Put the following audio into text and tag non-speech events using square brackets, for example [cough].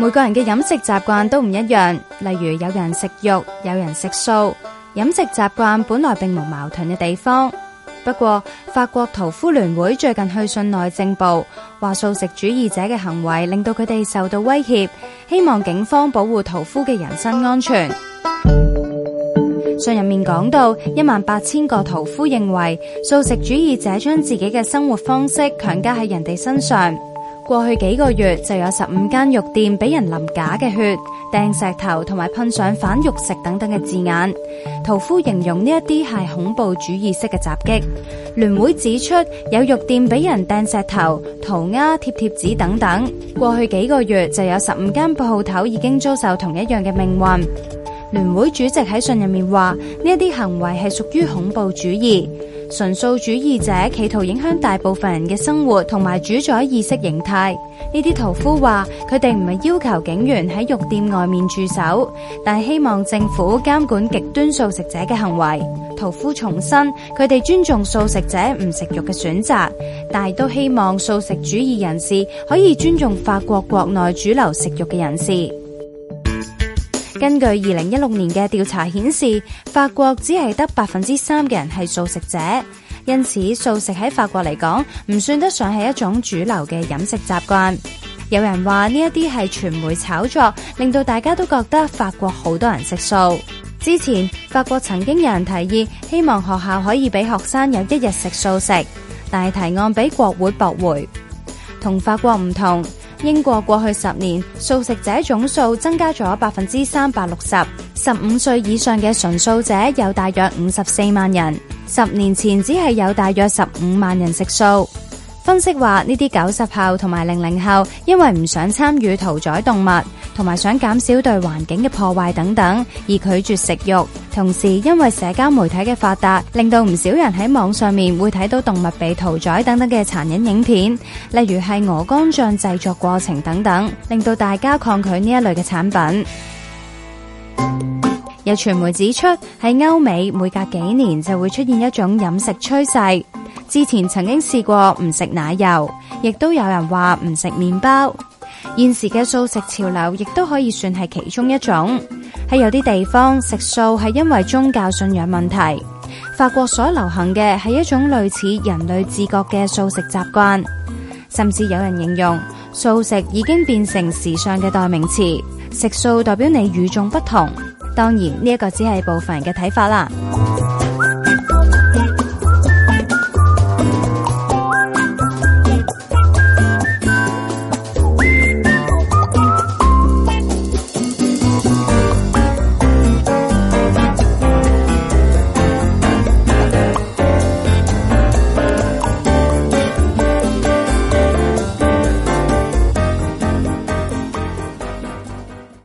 每個人嘅飲食習慣都唔一樣，例如有人食肉，有人食素。飲食習慣本來並無矛盾嘅地方，不過法國屠夫聯會最近去信內政部，話素食主義者嘅行為令到佢哋受到威脅，希望警方保護屠夫嘅人身安全。信入 [music] 面講到，一萬八千個屠夫認為素食主義者將自己嘅生活方式強加喺人哋身上。過去幾個月就有十五間肉店俾人淋假嘅血、掟石頭同埋噴上反肉食等等嘅字眼。屠夫形容呢一啲係恐怖主義式嘅襲擊。聯會指出有肉店俾人掟石頭、塗鴉、貼貼紙等等。過去幾個月就有十五間鋪頭已經遭受同一樣嘅命運。聯會主席喺信入面話呢一啲行為係屬於恐怖主義。純素主義者企圖影響大部分人嘅生活同埋主宰意識形態。呢啲屠夫話，佢哋唔係要求警員喺肉店外面駐守，但係希望政府監管極端素食者嘅行為。屠夫重申，佢哋尊重素食者唔食肉嘅選擇，但係都希望素食主義人士可以尊重法國國內主流食肉嘅人士。根據二零一六年嘅調查顯示，法國只係得百分之三嘅人係素食者，因此素食喺法國嚟講唔算得上係一種主流嘅飲食習慣。有人話呢一啲係傳媒炒作，令到大家都覺得法國好多人食素。之前法國曾經有人提議，希望學校可以俾學生有一日食素食，但係提案俾國會駁回。同法國唔同。英國過去十年素食者總數增加咗百分之三百六十，十五歲以上嘅純素食者有大約五十四萬人，十年前只係有大約十五萬人食素。分析話呢啲九十後同埋零零後，因為唔想參與屠宰動物，同埋想減少對環境嘅破壞等等，而拒絕食肉。同時，因為社交媒體嘅發達，令到唔少人喺網上面會睇到動物被屠宰等等嘅殘忍影片，例如係鵝肝醬製作過程等等，令到大家抗拒呢一類嘅產品。 [music] 有傳媒指出，喺歐美每隔幾年就會出現一種飲食趨勢，之前曾經試過唔食奶油，亦都有人話唔食麵包。現時嘅素食潮流亦都可以算係其中一種。喺有啲地方食素係因為宗教信仰問題，法國所流行嘅係一種類似人類自覺嘅素食習慣，甚至有人形容素食已經變成時尚嘅代名詞，食素代表你與眾不同。當然，呢一個只係部分人嘅睇法啦。